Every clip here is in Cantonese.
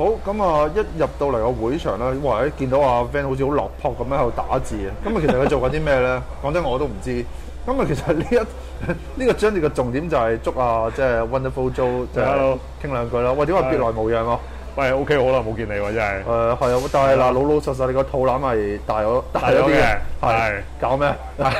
好咁啊！一入到嚟個會場啦，哇！喺見到阿 Van 好似好落魄咁樣喺度打字啊！咁啊，其實佢做緊啲咩咧？ 講真，我都唔知。咁啊，其實呢一呢、這個將住嘅重點就係捉阿即係 Wonderful Joe， 就即係傾兩句啦。喂，點解別來無恙啊？ 喂，OK，好耐，冇見你喎真係。誒係啊，但係嗱， 老老實實，你個肚腩係大咗大咗啲嘅，係搞咩？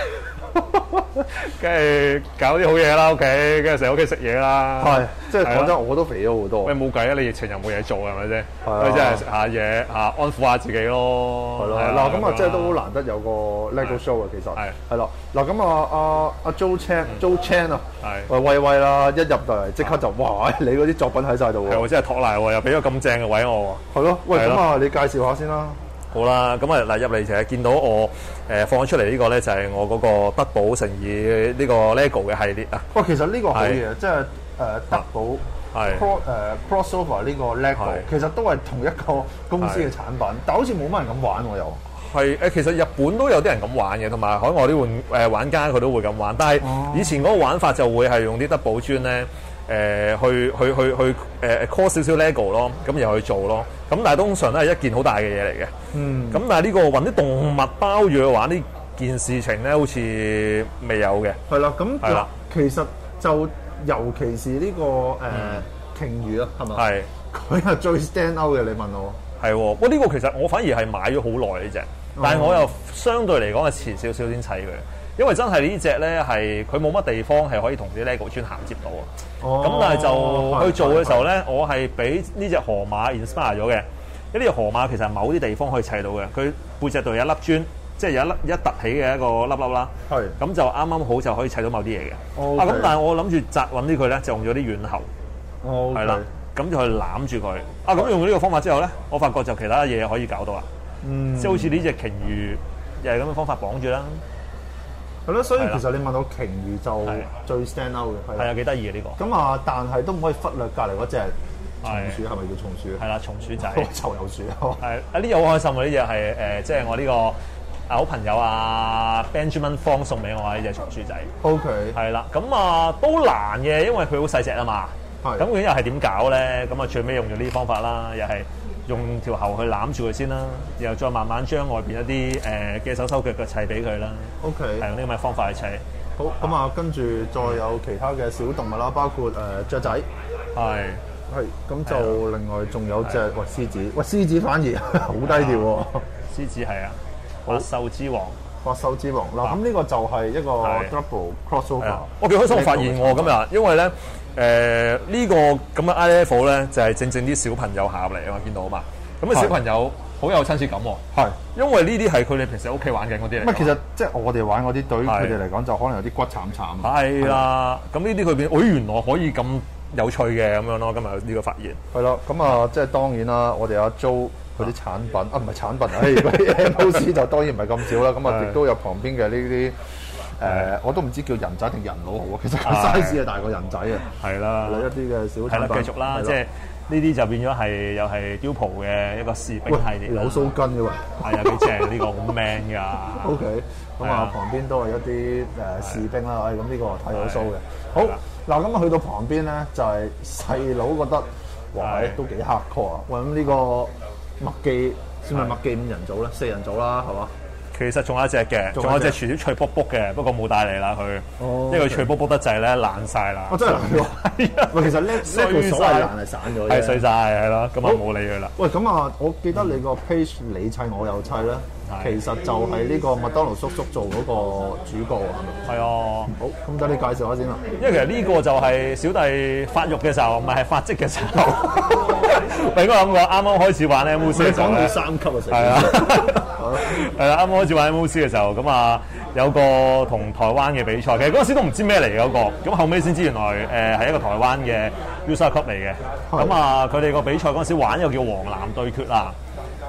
梗係搞啲好嘢啦屋企，梗係成日屋企食嘢啦。係，即係講真，我都肥咗好多。喂，冇計啊！你疫情又冇嘢做，係咪先？即係食下嘢吓，安撫下自己咯。係咯。嗱，咁啊，即係都好難得有個 LEGO show 啊，其實係。係咯。嗱，咁啊，阿阿 Jo Chan，Jo Chan 啊，喂喂喂啦，一入到嚟即刻就哇，你嗰啲作品喺晒度喎。係，真係托賴喎，又俾咗咁正嘅位我。係咯。喂，咁啊，你介紹下先啦。好啦，咁啊，嗱入嚟就係見到我誒、呃、放出嚟呢個咧，就係、是、我嗰個德寶乘以呢個 LEGO 嘅系列啊。哇、哦，其實呢個好嘢，是即係誒、呃啊、德寶誒 cross over 呢個 LEGO，是其實都係同一個公司嘅產品，是但好似冇乜人咁玩喎。又係誒，其實日本都有啲人咁玩嘅，同埋海外啲玩誒玩家佢都會咁玩，但係以前嗰個玩法就會係用啲德寶磚咧。誒、呃、去去去去誒 call 少少 LEGO 咯，咁又去做咯。咁但係通常都係一件好大嘅嘢嚟嘅。嗯。咁但係呢、這個揾啲動物包住嘅話，呢件事情咧好似未有嘅。係啦，咁係啦。了其實就尤其是呢、這個誒鯨、呃嗯、魚咯，係咪？係是。佢係最 stand out 嘅，你問我。係喎，我、這、呢個其實我反而係買咗好耐呢隻，但係我又相對嚟講係遲少少先砌佢。因為真係呢隻咧係佢冇乜地方係可以同啲 lego 磚銜接到啊，咁、oh, 但係就去做嘅時候咧，oh, my, my, my. 我係俾呢隻河馬 inspire 咗嘅。呢隻河馬其實係某啲地方可以砌到嘅，佢背脊度有一粒磚，即係有一粒一凸起嘅一個粒粒啦。係是。咁就啱啱好就可以砌到某啲嘢嘅。Okay. 啊，咁但係我諗住摘穩啲佢咧，就用咗啲軟喉。哦。係啦，咁就去攬住佢。Okay. 啊，咁用咗呢個方法之後咧，我發覺就其他嘢可以搞到啦。嗯。即係好似呢隻鯨魚，又係咁嘅方法綁住啦。係咯，所以其實你問到鯨魚就最 stand out 嘅係啊，幾得意嘅呢個咁啊、嗯，但係都唔可以忽略隔離嗰隻松鼠係咪的叫松鼠？係啦，松鼠仔，松 有鼠係啊！ 呢隻好開心嘅呢隻係誒，即係、呃就是、我呢個啊好朋友啊 Benjamin Fang 送俾我嘅呢隻松鼠仔。OK，係啦，咁啊都難嘅，因為佢好細隻啊嘛。係咁的，佢又係點搞咧？咁啊，最尾用咗呢啲方法啦，又係。用條喉去攬住佢先啦，然後再慢慢將外邊一啲誒嘅手手腳腳砌俾佢啦。OK，係用呢咁嘅方法去砌。好，咁啊跟住再有其他嘅小動物啦，包括誒雀仔。係，係。咁就另外仲有隻喂獅子。喂獅子反而好低調喎。獅子係啊，百獸之王，百獸之王啦。咁呢個就係一個 double crossover。我幾開心發現我今日，因為咧。誒呢個咁嘅 I F 咧，就係正正啲小朋友下嚟啊嘛，見到啊嘛，咁啊小朋友好有親切感喎、啊，是 因為呢啲係佢哋平時喺屋企玩緊嗰啲，咁其實即係我哋玩嗰啲對於佢哋嚟講就可能有啲骨慘慘啊，係、就是、啦，咁呢啲佢變，咦原來可以咁有趣嘅咁樣咯，今日呢個發現係啦，咁啊，啊，啊即係當然啦、啊，我哋阿租佢啲產品 啊唔係產品啊，嗰啲就當然唔係咁少啦，咁啊亦都有旁邊嘅呢啲。誒，我都唔知叫人仔定人佬好啊，其實 size 係大過人仔啊，係啦，一啲嘅小細，係啦，繼續啦，即係呢啲就變咗係又係 Duplo 嘅一個士兵系列，有鬚根嘅喎，係啊幾正呢個好 man 㗎，OK，咁啊旁邊都係一啲誒士兵啦，咁呢個太有鬚嘅，好嗱咁啊去到旁邊咧就係細佬覺得哇都幾 hardcore 啊，喂，咁呢個麥記算係麥記五人組啦，四人組啦係嘛？其實仲有一隻嘅，仲有一隻全啲脆卜卜嘅，不過冇帶嚟啦佢，oh, okay. 因為脆卜卜得滯咧，爛晒啦。我真係爛咗，爛其實呢呢個衰難係散咗，係碎晒，係咯，咁啊冇理佢啦。喂，咁啊，我記得你個 page 你砌我又砌啦！是其實就係呢個麥當勞叔叔做嗰個主角係咪？係啊，好，咁等你介紹下先啦。因為其實呢個就係小弟發育嘅時候，唔係發跡嘅時候。唔 應該咁講，啱啱開始玩咧，MOC。講到三級嘅時候，係啊，係啦，啱啱開始玩 MOC 嘅時候，咁 是啊 剛剛有個同台灣嘅比賽。其實嗰時都唔知咩嚟嗰個，咁後尾先知原來誒係、呃、一個台灣嘅 user 級嚟嘅。咁啊是，佢哋個比賽嗰時玩又叫黃藍對決啦。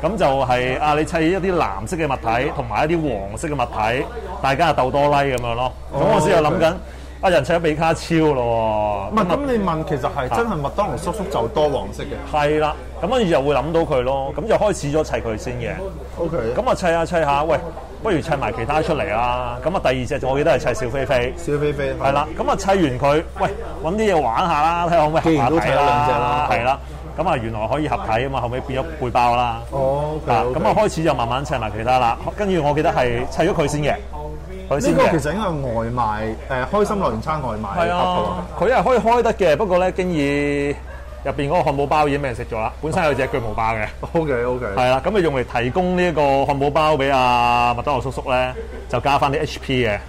咁就係、是、啊！你砌一啲藍色嘅物體，同埋一啲黃色嘅物體，大家啊鬥多拉咁、like、樣咯。咁、oh, okay. 我先又諗緊，啊人砌咗比卡超咯喎。唔係，咁你問其實係真係麥當勞叔叔就多黃色嘅。係啦、啊，咁跟住就會諗到佢咯。咁、嗯、就開始咗砌佢先嘅。OK、啊。咁啊砌下砌下，喂，不如砌埋其他出嚟啦。咁啊第二隻，我記得係砌小飛飛。小飛飛。係啦。咁啊砌完佢，喂，揾啲嘢玩下啦，睇下可唔可以。既然都砌咗兩隻啦，係啦了。okay. 咁啊，原來可以合體啊嘛，後尾變咗背包啦。哦，咁啊，開始就慢慢砌埋其他啦。跟住我記得係砌咗佢先嘅，佢先個其實應該外賣誒、呃，開心樂園餐外賣得嘅。佢係了可以開得嘅，不過咧經已入邊嗰個漢堡包已經俾人食咗啦。本身有隻巨無霸嘅。OK OK。係啦，咁啊用嚟提供呢一個漢堡包俾阿、啊、麥當勞叔叔咧，就加翻啲 HP 嘅。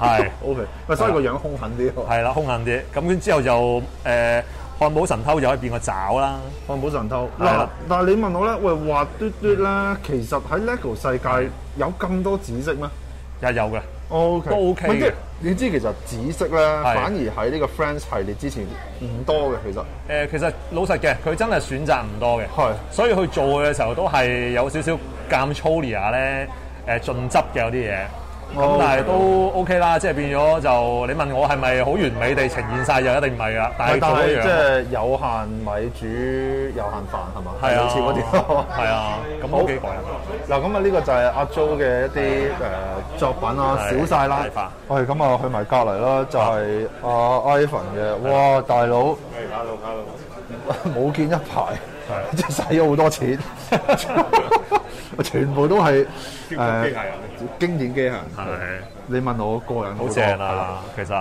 係。 OK。喂了，所以個樣兇狠啲喎。係啦，兇狠啲。咁跟住之後就誒。呃漢堡神偷又可以變個爪啦！漢堡神偷嗱了，但係你問我咧，喂，滑嘟嘟咧，其實喺 Lego 世界有咁多紫色咩？也、嗯、有嘅，O K 都 O、okay、K。你知其實紫色咧，是反而喺呢個 Friends 系列之前唔多嘅，其實誒、呃，其實老實嘅，佢真係選擇唔多嘅，係是，所以去做嘅時候都係有少少監粗嚟下咧，誒、呃，盡執嘅有啲嘢。但係都 OK 啦，即係變咗就你問我係咪好完美地呈現晒，就一定唔係啦，但係即係有限米煮有限飯係嘛？係啊，好似嗰啲係啊，咁好幾個嗱，咁啊呢個就係阿 Jo 嘅一啲誒作品啊，少曬啦飯。喂，咁啊，去埋隔離啦，就係阿 Ivan 嘅，哇大佬！大佬大佬，冇見一排，即係使咗好多錢。全部都係誒機械人，呃、經典機械人。係，你問我個人好正多，啊、嗎其實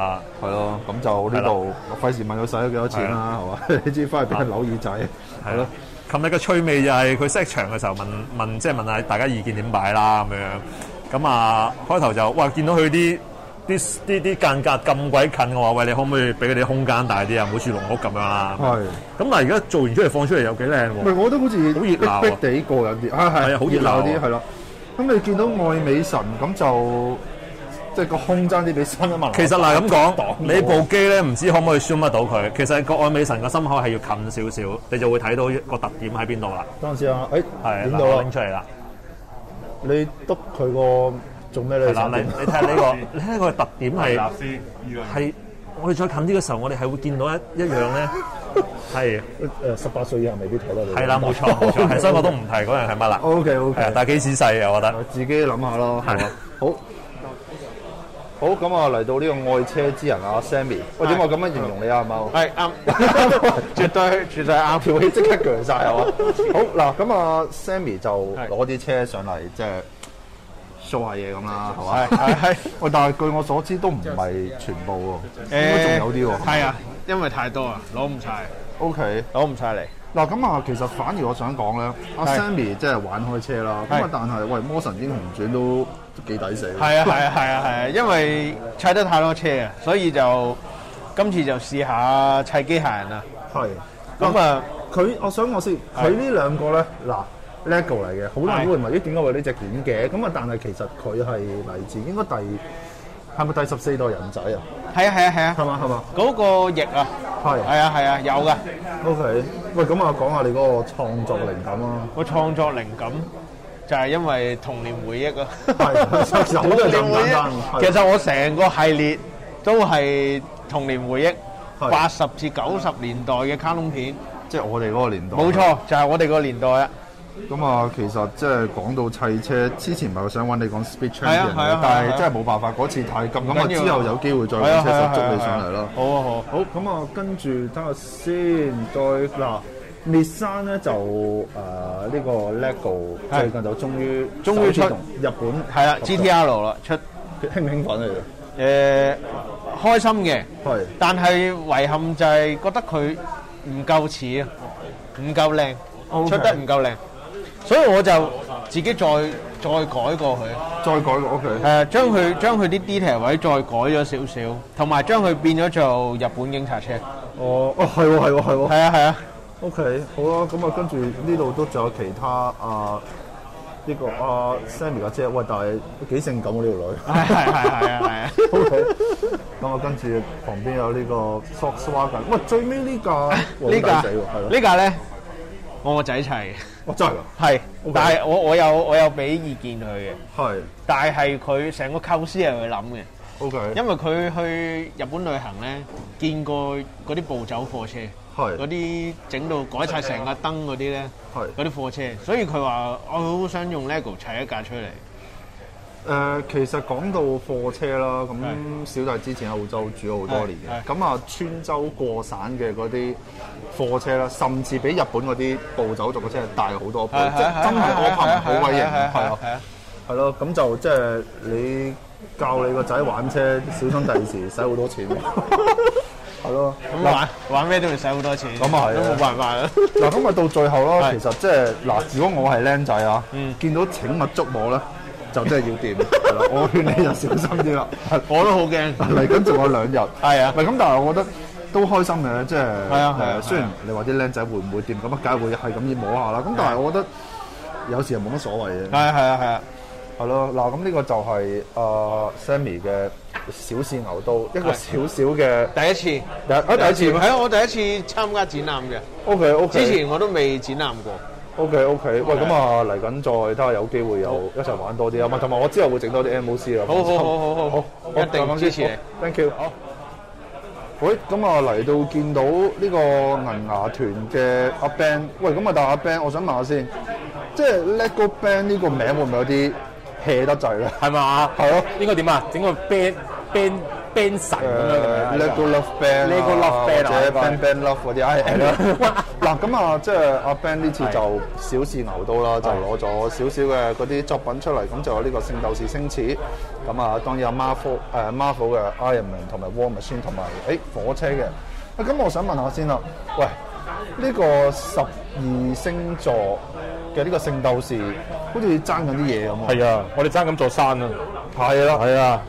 係咯，咁就呢度，的我費事問佢使咗幾多錢啦，係嘛的？ 你知翻去邊扭耳仔？係咯的，琴日嘅趣味就係佢 set 場嘅時候問問，即、就、係、是、問下大家意見點擺啦咁樣。咁啊，開頭就哇見到佢啲。啲啲啲間隔咁鬼近嘅話，喂，你可唔可以俾佢哋空間大啲啊？唔好似籠屋咁樣啊！係是。咁嗱，而家做完出嚟放出嚟有幾靚喎？唔係， 我都好似好熱鬧喎。逼地過癮啲，係、哎、係。係、哎、啊，好的熱鬧啲，係咯、嗯。咁你見到愛美神咁就即係個空間啲比新啊嘛。其實嗱，咁講你部機咧，唔知可唔可以 show 得到佢？其實個愛美神個心口係要近少少，你就會睇到個特點喺邊度啦。當時啊，誒、哎，係拎的到拎出嚟啦。你篤佢個。做咩咧？立例，你睇下呢個，你睇下個特點係係我哋再近啲嘅時候，我哋係會見到一一樣咧，係誒十八歲以後未必睇得到。係啦，冇錯冇錯，所以我都唔提嗰樣係乜啦。OK OK，係啊，但係幾仔細啊，我覺得。自己諗下咯，係好好咁啊！嚟到呢個愛車之人啊 Sammy，我點解我咁樣形容你啊？貓係啱，絕對絕對啱，條尾即刻捲曬。好嗱，咁啊，Sammy 就攞啲車上嚟即係。做下嘢咁啦，係咪？係係。喂，但係據我所知都唔係全部喎，應該仲有啲喎。係啊，因為太多啊，攞唔晒。OK，攞唔晒嚟。嗱咁啊，其實反而我想講咧，阿 Sammy 即係玩開車啦。咁啊，但係喂，《魔神英雄傳》都幾抵死。係啊係啊係啊係啊，因為砌得太多車啊，所以就今次就試下砌機械人啦。係。咁啊，佢我想我先，佢呢兩個咧嗱。Lego 嚟嘅，好多人會問，咦，點解的會呢隻短嘅？咁啊但係其實佢係嚟自應該第係咪第十四代人仔啊？係啊係啊係啊，係嘛係嘛，嗰個翼啊，係係啊係啊有嘅。OK，喂咁啊講下你嗰個創作靈感啊。個創作靈感就係因為童年回憶啊，好多童年回憶。其實我成個系列都係童年回憶，八十的至九十年代嘅卡通片，即係我哋嗰個年代。冇錯，就係我哋個年代啊。咁啊，其實即係講到砌車，之前唔係想揾你講 Speed Champion 但係真係冇辦法嗰次太咁。咁啊，之後有機會再揾車就捉你上嚟咯。好啊，好，好。咁啊，跟住等下先，再嗱，滅山咧就誒呢個 LEGO 最近就終於終於出日本係啊，GTR 啦，出興唔興奮嚟㗎？誒，開心嘅，係，但係遺憾就係覺得佢唔夠似啊，唔夠靚，出得唔夠靚。所以我就自己再再改過去，再改過佢，係、okay、啊，將佢將佢啲 detail 位再改咗少少，同埋將佢變咗做日本警察車。哦哦、呃，係喎係喎係喎，係啊係啊。啊啊啊啊啊 OK，好啊，咁啊跟住呢度都仲有其他啊呢、呢個阿、啊、Sammy 架車，喂，但係幾性感啊呢條女，係係係啊係啊。OK，咁我跟住旁邊有呢個 Volkswagen、啊，喂，最尾呢架呢架呢架咧？我個仔砌，真係㗎，係是，Okay. 但係我我有我有俾意見佢嘅，係是，但係佢成個構思係佢諗嘅，OK，因為佢去日本旅行咧，見過嗰啲暴走貨車，係是，嗰啲整到改晒成個燈嗰啲咧，係是，嗰啲貨車，所以佢話我好想用 LEGO 砌一架出嚟。誒，其實講到貨車啦，咁小弟之前喺澳洲住咗好多年嘅，咁啊穿州過省嘅嗰啲貨車啦，甚至比日本嗰啲暴走族嘅車大好多倍，即係真係安好威型，係啊，係咯，咁就即係你教你個仔玩車，小心第二時使好多錢，係咯，玩玩咩都要使好多錢，咁啊係，都冇辦法啦。嗱，咁啊到最後咯，其實即係嗱，如果我係僆仔啊，見到請勿觸摸咧。就真係要掂，我勸你就小心啲啦。我都好驚，嚟緊仲有兩日。係啊，係咁，但係我覺得都開心嘅，即係係啊係啊。雖然你話啲靚仔會唔會掂，咁梗係會係咁要摸下啦。咁但係我覺得有時係冇乜所謂嘅。係啊係啊係啊，係咯。嗱咁呢個就係阿 Sammy 嘅小試牛刀，一個小小嘅第一次。第一第一次，係啊我第一次參加展覽嘅。O K O K，之前我都未展覽過。O K O K，喂，咁啊嚟緊再睇下有機會有 Okay. 一齊玩多啲啊！咪同埋我之後會整多啲 M O C 啊好正！好好好好好，我一定支持，Thank 你。Thank you。好，喂，咁啊嚟到見到呢個銀芽團嘅阿 Ben，喂，咁啊但阿 Ben，我想問下先，即係 Lego Ben 呢個名會唔會有啲 hea 得滯咧？係咪啊？係咯 好，應該點啊？整個 Ben Ben。band 神咁樣嘅，呢個 love band，或者 band band love 嗰啲，係係啦。嗱，咁啊，即係阿 Ben 呢、 啊啊啊、次就小試牛刀啦，的就攞咗少少嘅嗰啲作品出嚟，咁就有呢個聖鬥士星矢。咁啊，當然阿 Mar、啊、Marvel 誒 Marvel 嘅 Iron Man 同埋 War Machine 同埋誒火車嘅。咁、啊、我想問下先啦，喂，呢、這個十二星座嘅呢個聖鬥士好，好似爭緊啲嘢咁啊？係啊，我哋爭緊座山啦，係啦，係啊。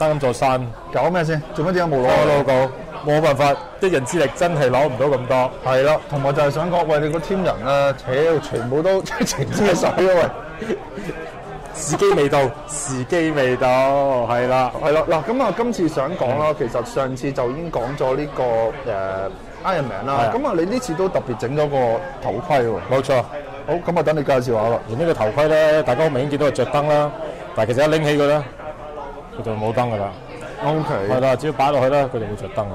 三座山，搞咩先？做乜整下冇攞啊老高？冇辦法，一人之力真係攞唔到咁多。係咯，同埋就係想講，喂，你個天人啊，屌全部都情之水啊喂！時機未到，時機未到，係啦，係啦。嗱咁啊，今次想講啦，其實上次就已經講咗呢個誒 Iron Man 啦。咁啊，你呢次都特別整咗個頭盔喎。冇錯。好，咁啊等你介紹下啦。而呢個頭盔咧，大家好明顯見到佢着燈啦，但係其實一拎起佢咧。就冇燈噶啦。OK。係啦，只要擺落去啦，佢就會著燈㗎喇。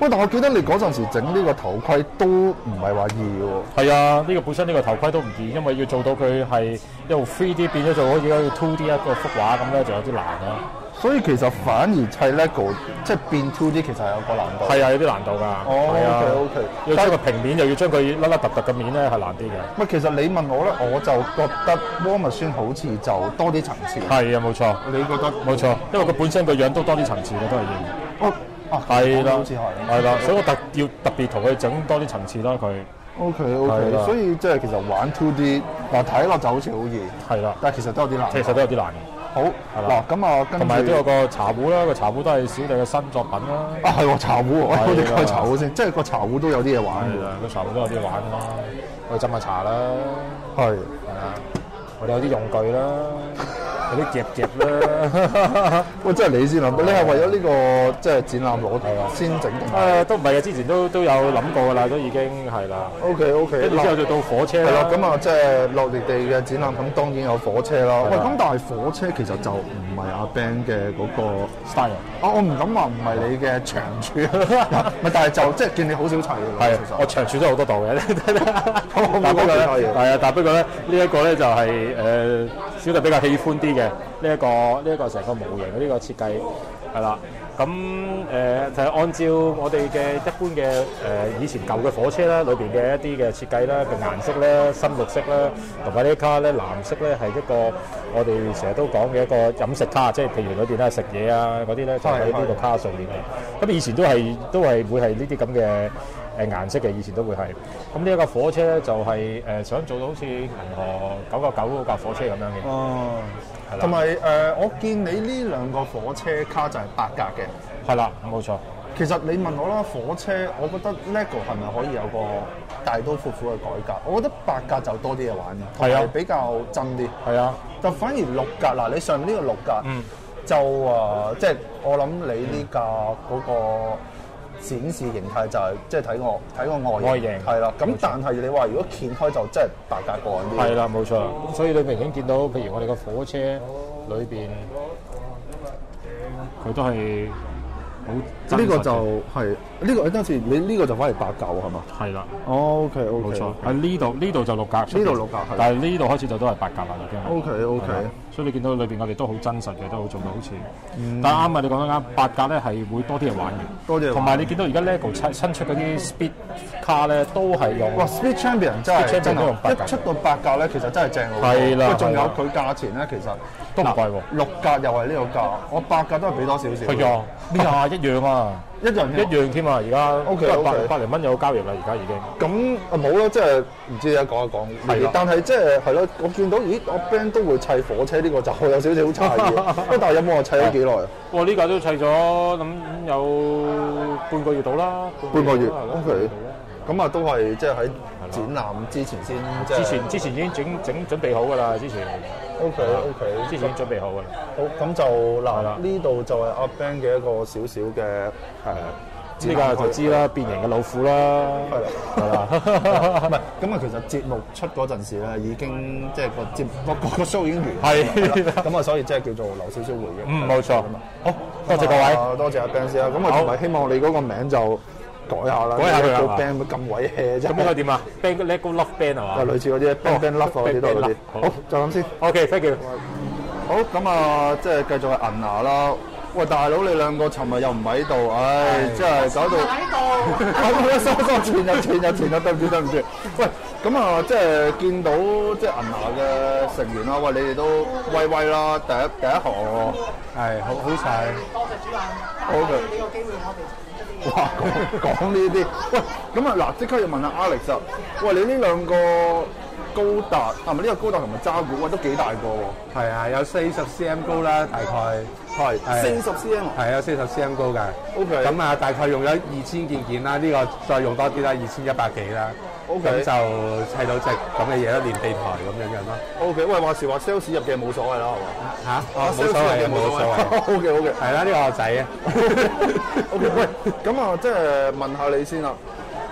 喂，但我記得你嗰陣時整呢個頭盔都唔係話易喎。係啊，呢個本身呢個頭盔都唔易，因為要做到佢係一路 three D 變咗做可以可以 two D 一個幅畫咁咧，就有啲難啦。所以其實反而砌 lego，即係變 two D 其實有個難度。係啊，有啲難度㗎。哦，OK OK。要加個平面，又要將佢凹凹凸凸嘅面咧，係難啲嘅。咁其實你問我咧，我就覺得 Wolverine 好似就多啲層次。係啊，冇錯。你覺得？冇錯，因為佢本身個樣都多啲層次嘅，都係嘢。哦，係啦，好似係。係啦，所以我特要特別同佢整多啲層次啦，佢。OK OK。所以即係其實玩 two D，嗱睇落就好似好易。係啦。但係其實都有啲難。其實都有啲難。好，嗱咁啊，同埋都有個茶壺啦，個茶壺都係小弟嘅新作品啦。啊，係喎、啊啊，茶壺，啊哎、我哋講下茶壺先，啊、即係個茶壺都有啲嘢玩嘅，個、啊、茶壺都有啲嘢玩啦，去斟下茶啦，係，係啊，啊我哋有啲用具啦。 有啲夾夾啦，喂，真係你先諗到，你係為咗呢個即係展覽攞嚟啊？先整？誒，都唔係啊！之前都都有諗過㗎啦，都已經係啦。OK，OK。然之後就到火車。係咁啊，即係落地地嘅展覽，咁當然有火車啦。喂，咁但係火車其實就唔係阿 Ben 嘅嗰個 style。我我唔敢話唔係你嘅長處。唔係，但係就即係見你好少砌嘢。係，我長處真係好多度嘅。但不過係啊，但不過咧，呢一個咧就係誒。小弟比較喜歡啲嘅呢一個呢一個成個模型嘅呢個設計係啦，咁誒就係按照我哋嘅一般嘅誒、呃、以前舊嘅火車啦，裏邊嘅一啲嘅設計啦，嘅顏色咧深綠色啦，同埋呢卡咧藍色咧，係一個我哋成日都講嘅一個飲食卡，即係譬如裏邊咧食嘢啊嗰啲咧就喺呢個卡數入面，咁、啊就是、嘿以前都係都係會係呢啲咁嘅。誒顏色嘅以前都會係，咁呢一個火車咧就係、是、誒、呃、想做到好似銀河九個九嗰架火車咁樣嘅。哦、嗯，係啦。同埋誒，我見你呢兩個火車卡就係八格嘅。係啦，冇錯。其實你問我啦，嗯、火車，我覺得 LEGO 係咪可以有個大刀闊斧嘅改革？我覺得八格就多啲嘢玩嘅，係比較真啲。係啊，就、啊、反而六格嗱、呃，你上面呢個六格，嗯，就啊，即、呃、係、就是、我諗你呢架嗰、那個。嗯展示形態就係即係睇個睇個外外形係啦，咁但係你話如果掀開就真係八格個啲，係啦，冇錯。所以你明顯見到，譬如我哋個火車裏邊，佢都係好。呢個就係呢個，你當時你呢個就反而八格係嘛？係啦。OK OK，冇錯。喺呢度呢度就六格，呢度六格，但係呢度開始就都係八格啦已經。OK OK。所以你見到裏邊我哋都好真實嘅，都好做到好似。嗯、但係啱啊！你講得啱，八格咧，係會多啲人玩嘅。多，同埋你見到而家 LEGO 新出嗰啲 Speed 卡咧，都係用。哇！Speed Champion 真係真係用八一出到八格咧，其實真係正好係啦。仲有佢價錢咧，其實。都唔貴喎，六格又係呢個價，我八格都係俾多少少。係啊，價一樣啊， 一人都一樣添啊，而家 O K O K，百零蚊有交易啦，而家已經。咁啊冇咯，即係唔知點解講一講。係，的但係即係係咯，就是、led，我見到咦，我 band 都會砌火車呢、這個就有少少好差不但係有冇話砌咗幾耐啊？我呢架都砌咗噉有半個月到啦。半個月 O K，咁啊都係即係。展覽之前先，之前之前已經整整準備好㗎啦，之前。O K O K，之前已經準備好㗎啦。好，咁就嗱，呢度就係阿 Ben 嘅一個小小嘅誒，呢個就知啦，變形嘅老虎啦。係啦，係啦。係咪，咁啊其實節目出嗰陣時咧，已經即係個節個個 show 已經完係，咁啊所以即係叫做留少少回憶。嗯，冇錯。好，多謝各位。多謝阿 Ben 先啦。咁我同埋希望你嗰個名就。改下啦，改下做 band 咁鬼 hea 啫。咁應該點啊？band Lego Love Band 係嘛？就類似嗰啲 band band love 嗰啲多啲。好，就咁先。OK，thank you。好，咁啊，即係繼續係銀芽啦。喂，大佬，你兩個尋日又唔喺度，唉，真係搞到。唔喺度。搞到我心急，轉一轉一轉，對唔住對唔住。喂，咁啊，即係見到即係銀芽嘅成員啦。喂，你哋都威威啦，第一第一行係好好曬。多謝主辦。OK。俾個機會我哋。哇，講呢啲，喂，咁啊嗱，即刻要問,問下 Alex 啊，喂，你呢兩個？高達係咪呢個高達同埋渣古啊，都幾大個喎！係啊，有四十 cm 高啦，大概係四十 cm 係啊，四十 cm 高嘅。O K，咁啊，大概用咗二千件件啦，呢、呢個再用多啲啦，二千一百幾啦。O K，咁就砌到隻咁嘅嘢咯，連地台咁樣樣咯。O、okay. K，喂，話時話 sales 入嘅冇所謂啦，係嘛吓？冇、啊啊啊、所謂嘅，冇所謂。O K，O K，係啦，呢 Okay, okay.、呢個仔啊。O K，喂，咁啊，即、就、係、是、問下你先啦。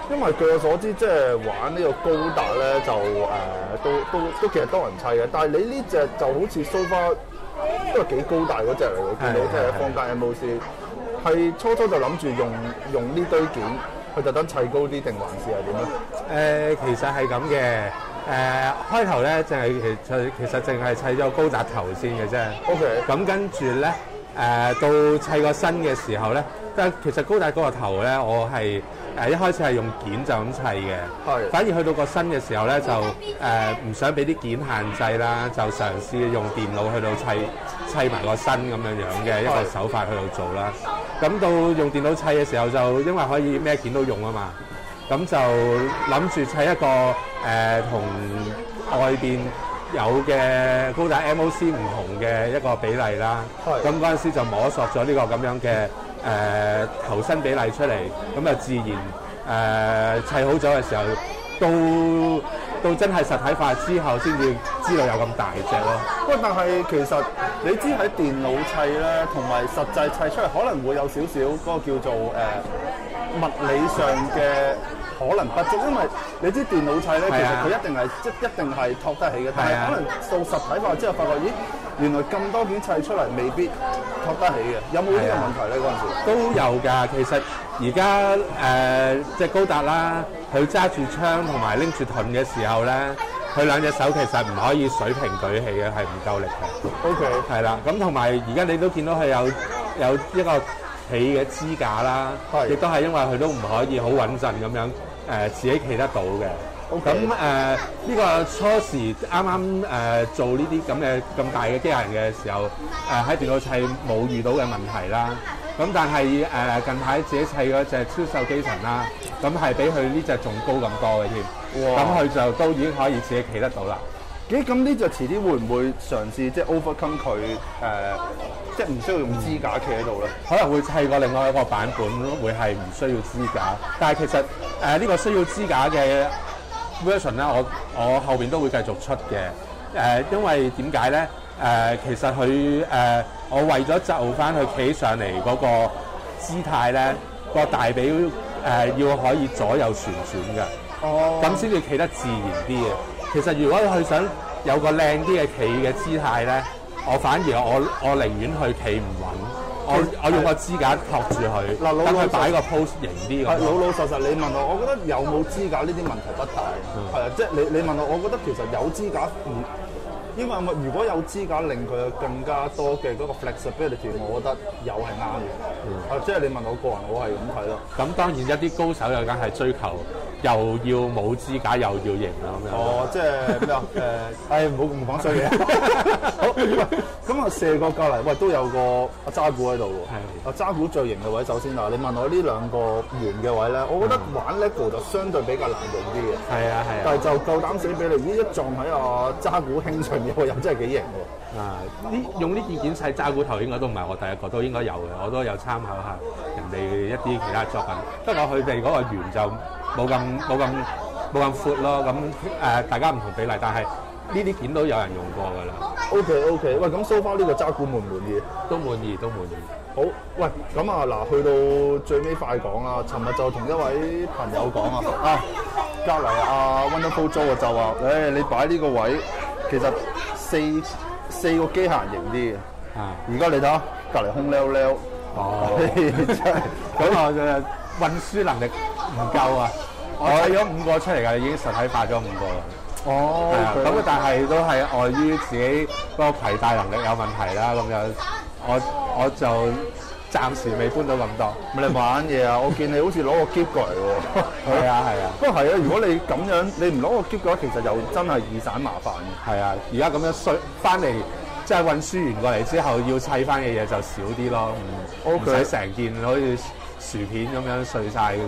因為據我所知，即係玩呢個高達咧，就誒、呃、都都都其實多人砌嘅。但係你呢隻就好似 so far 都係幾高大嗰隻嚟嘅，哎、呀見到即係方格 MOC，係初初就諗住用用呢堆件去特登砌高啲定還是係點咧？誒、呃，其實係咁嘅。誒、呃，開頭咧就係其其其實淨係砌咗高達頭先嘅啫。OK。咁跟住咧。誒、呃、到砌個身嘅時候咧，但係其實高達嗰個頭咧，我係誒一開始係用件就咁砌嘅，的反而去到個身嘅時候咧，就誒唔的、呃、想俾啲件限制啦，就嘗試用電腦去到砌砌埋個身咁樣樣嘅一個手法去到做啦。咁的到用電腦砌嘅時候就因為可以咩件都用啊嘛，咁就諗住砌一個誒、呃、同外邊，有嘅高達 MOC 唔同嘅一個比例啦，咁嗰陣時就摸索咗呢個咁樣嘅誒頭身比例出嚟，咁就自然誒砌、呃、好咗嘅時候，到到真係實體化之後先至知道有咁大隻咯。不過但係其實你知喺電腦砌咧，同埋實際砌出嚟可能會有少少嗰個叫做誒、呃、物理上嘅。可能不足，因為你知電腦砌咧，其實佢一定係即一定係托得起嘅，但係可能到實體化之後，發覺咦，原來咁多件砌出嚟未必托得起嘅，有冇呢個問題咧？嗰陣時都有㗎，其實而家誒即係高達啦，佢揸住槍同埋拎住盾嘅時候咧，佢兩隻手其實唔可以水平舉起嘅，係唔夠力嘅。OK，係啦，咁同埋而家你都見到佢有有一個。企嘅支架啦，是亦都係因為佢都唔可以好穩陣咁樣誒自己企得到嘅。咁誒呢個初時啱啱誒做呢啲咁嘅咁大嘅機械人嘅時候，誒喺電腦砌冇遇到嘅問題啦。咁、啊 okay。但係誒、呃、近排自己砌嗰隻超瘦機器人啦，咁、呃、係比佢呢隻仲高咁多嘅添。咁佢 Wow.、呃、就都已經可以自己企得到啦。咦，咁呢隻遲啲會唔會嘗試即係、就是、overcome 佢誒、呃，即係唔需要用支架企喺度咧？可能會砌個另外一個版本咯，會係唔需要支架。但係其實誒呢、呃呢個需要支架嘅 version 咧，我我後邊都會繼續出嘅。誒、呃，因為點解咧？誒、呃，其實佢誒、呃，我為咗就翻佢企上嚟嗰個姿態咧，個大髀誒要、呃、要可以左右旋轉嘅，咁先至企得自然啲嘅。其實如果佢想有個靚啲嘅企嘅姿態咧，我反而我我寧願去企唔穩，我我用個支架托住佢，嗱老老擺個 pose 型啲咁。係老老實實，你問我，我覺得有冇支架呢啲問題不大。係啊、嗯，即係你你問我，我覺得其實有支架唔，因為我如果有支架令佢更加多嘅嗰個 flexibility，我覺得又係啱嘅。啊、嗯，即係你問我個人，我係咁睇咯。咁、嗯、當然一啲高手又梗係追求。又要冇支架，又要型啦咁樣。 哦，即係咩啊？誒，唔、呃哎、 好咁講衰嘢。好咁啊，射過嚟喂，都有個阿渣古喺度喎。係啊，渣古最型嘅位，首先啊，你問我呢兩個圓嘅位咧，我覺得玩 LEGO、嗯、就相對比較難用啲嘅。係啊，係啊。但係就夠膽死俾你，呢一撞喺我渣古胸上又真係幾型喎！啊，啲用啲件件砌渣古頭，應該都唔係我第一個，都應該有嘅。我都有參考下人哋一啲其他作品，不過佢哋嗰個圓就，冇咁冇咁冇咁闊咯，咁、呃、誒大家唔同比例，但係呢啲件都有人用過㗎啦。OK OK，喂，咁 so far 呢個渣古滿唔滿意？都滿意，都滿意。好，喂，咁啊嗱，去到最尾快講啦。尋日就同一位朋友講啊，啊，隔離阿 Wonderful Joe 就話，誒、哎，你擺呢個位，其實四四個機械人型啲嘅。啊。而家你睇下，隔離空溜溜。哦。真係，咁啊， 運輸能力。唔夠啊！我有咗五個出嚟㗎，已經實體化咗五個啦。哦，係啊。咁 okay. 但係都係礙於自己個攜帶能力有問題啦。咁就我我就暫時未搬到咁多。咁 你玩嘢啊？我見你好似攞個喼喎。係啊係啊。不過係啊，如果你咁樣你唔攞個喼，其實又真係易盞麻煩。係啊，而家咁樣衰，翻嚟即係運輸完過嚟之後，要砌翻嘅嘢就少啲咯。唔使成件可以。好薯片咁樣碎曬嘅，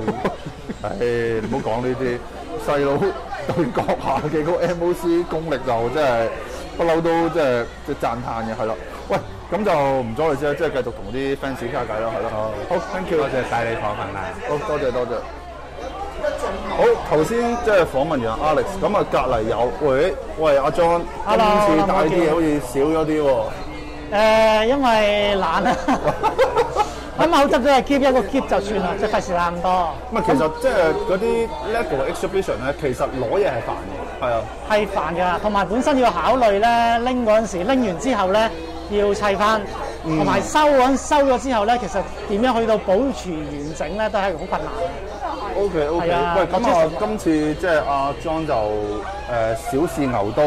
唉，唔好講呢啲。細佬對閣下嘅個 MOC 功力就真係不嬲都即係即係讚歎嘅，係啦。喂，咁就唔阻你先，即係繼續同啲 fans 傾下偈咯，係啦，好，thank you，多謝曬你訪問啊。好多謝多謝。好，頭先即係訪問完 Alex，咁啊隔離有，喂喂阿、啊、John，Hello, 今次帶啲嘢好似少咗啲喎。Uh, 因為懶啊。 咁冇執咗個 keep，一個 keep 就算啦，就費事攬咁多。唔係其實即係嗰啲 LEGO exhibition 咧，其實攞嘢係煩嘅，係啊。係煩㗎，同埋本身要考慮咧拎嗰陣時，拎完之後咧要砌翻，同埋收嗰陣收咗之後咧，其實點樣去到保持完整咧都係好困難。O K O K，喂，咁我今次即係阿 John 就誒小試牛刀。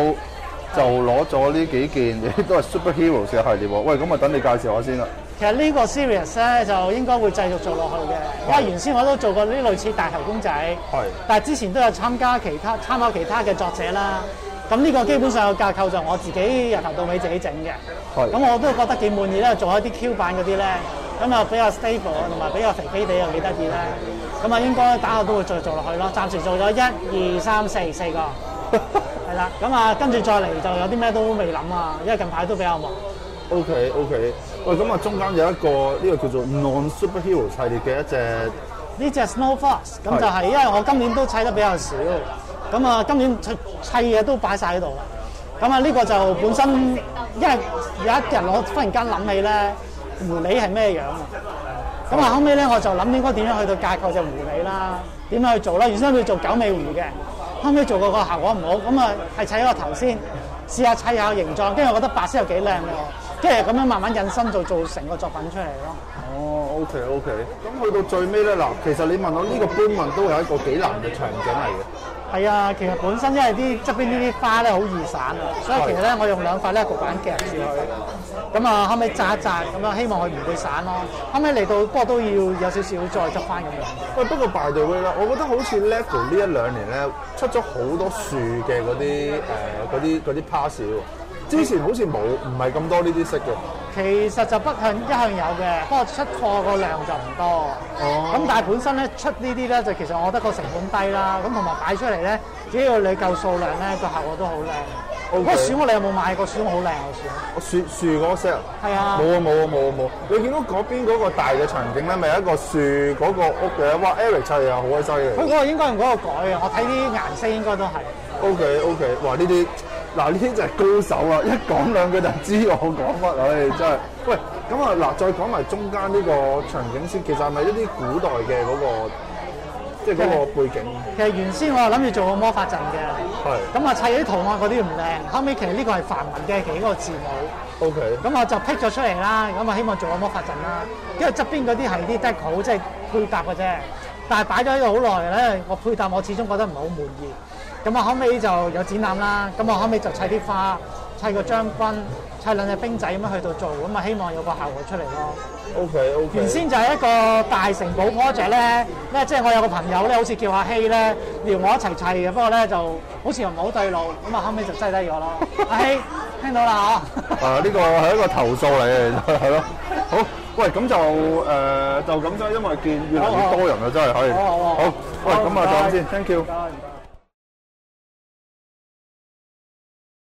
就攞咗呢幾件嘢都係 Superheroes 嘅系列喎、喔，喂，咁啊等你介紹下先啦。其實個呢個 series 咧就應該會繼續做落去嘅，的因為原先我都做過呢類似大頭公仔，係的，但係之前都有參加其他參考其他嘅作者啦。咁呢個基本上個架構就我自己由頭到尾自己整嘅，係的。咁我都覺得幾滿意啦，做一啲 Q 版嗰啲咧，咁又比較 stable 同埋比較肥肥地又幾得意啦。咁啊應該大家都會再做落去咯，暫時做咗一二三四四個。咁啊、嗯，跟住再嚟就有啲咩都未諗啊，因為近排都比較忙。OK OK，喂、嗯，咁、嗯、啊，中間有一個呢、這個叫做 Non Superhero 系列嘅一隻，呢隻 Snow Fox，咁就係、是、是因為我今年都砌得比較少，咁啊的，今年砌砌嘢都擺晒喺度啦。咁、嗯、啊，呢、這個就本身因係有一日我忽然間諗起咧，狐狸係咩樣，樣啊？咁啊，後尾咧我就諗應該點樣去到架構隻狐狸啦，點樣去做啦？原先要做九尾狐嘅。後尾做個個效果唔好，咁啊係砌一個頭先，試下砌下形狀，跟住我覺得白色又幾靚喎，跟住咁樣慢慢引申，就做成個作品出嚟咯。哦，OK OK，咁去到最尾咧，嗱，其實你問我呢個搬運都係一個幾難嘅場景嚟嘅。係啊，其實本身因為啲側邊呢啲花咧好易散啊，的所以其實咧我用兩塊咧焗板夾住佢，咁啊後屘紮一紮，咁樣希望佢唔會散咯。後屘嚟到不過都要有少少再執翻咁樣。喂，不過 by the way 啦，我覺得好似 LEGO 呢一兩年咧出咗好多樹嘅嗰啲誒嗰啲嗰啲 pastel 之前好似冇唔係咁多呢啲色嘅。其實就不嬲一向有嘅，不過出貨個量就唔多。哦。咁但係本身咧出呢啲咧，就其實我覺得個成本低啦。咁同埋擺出嚟咧，只要你夠數量咧，個效果都好靚。OK。樹屋你有冇買過樹屋好靚嘅樹屋？樹樹嗰 set。係啊。冇啊冇啊冇冇。你見到嗰邊嗰個大嘅場景咧，咪有一個樹嗰個屋嘅？哇，Eric 砌又好鬼犀利。佢嗰個應該用嗰個改嘅，我睇啲顏色應該都係。O K O K，哇！呢啲。嗱，呢啲就係高手啊。一講兩句就知我講乜，唉、哎，真係。喂，咁啊，嗱，再講埋中間呢個場景先。其實係咪一啲古代嘅嗰、那個，即係嗰個實背景？其實原先我係諗住做個魔法陣嘅。係是。咁啊，砌啲圖案嗰啲唔靚，後尾其實呢個係繁文嘅幾個字母。O K。咁我就剔咗出嚟啦。咁啊，希望做個魔法陣啦。因為側邊嗰啲係啲 d e c o 即係配搭嘅啫。但係擺咗喺度好耐咧，我配搭我始終覺得唔係好滿意。咁啊，後尾就有展覽啦。咁啊，後尾就砌啲花，砌個將軍，砌兩隻兵仔咁樣去到做，咁啊，希望有個效果出嚟咯。O K，O K。原先就係一個大城堡 project 咧，咧即係我有個朋友咧，好似叫阿希咧，撩我一齊砌嘅。不過咧，就好似又唔係好對路，咁啊，後尾就砌低咗咯。阿希聽到啦嚇。誒，呢個係一個投訴嚟嘅，係咯。好，喂，咁就誒，就咁啫。因為見越嚟越多人啊，真係可以。好，好，好。喂，咁啊，再先，thank you。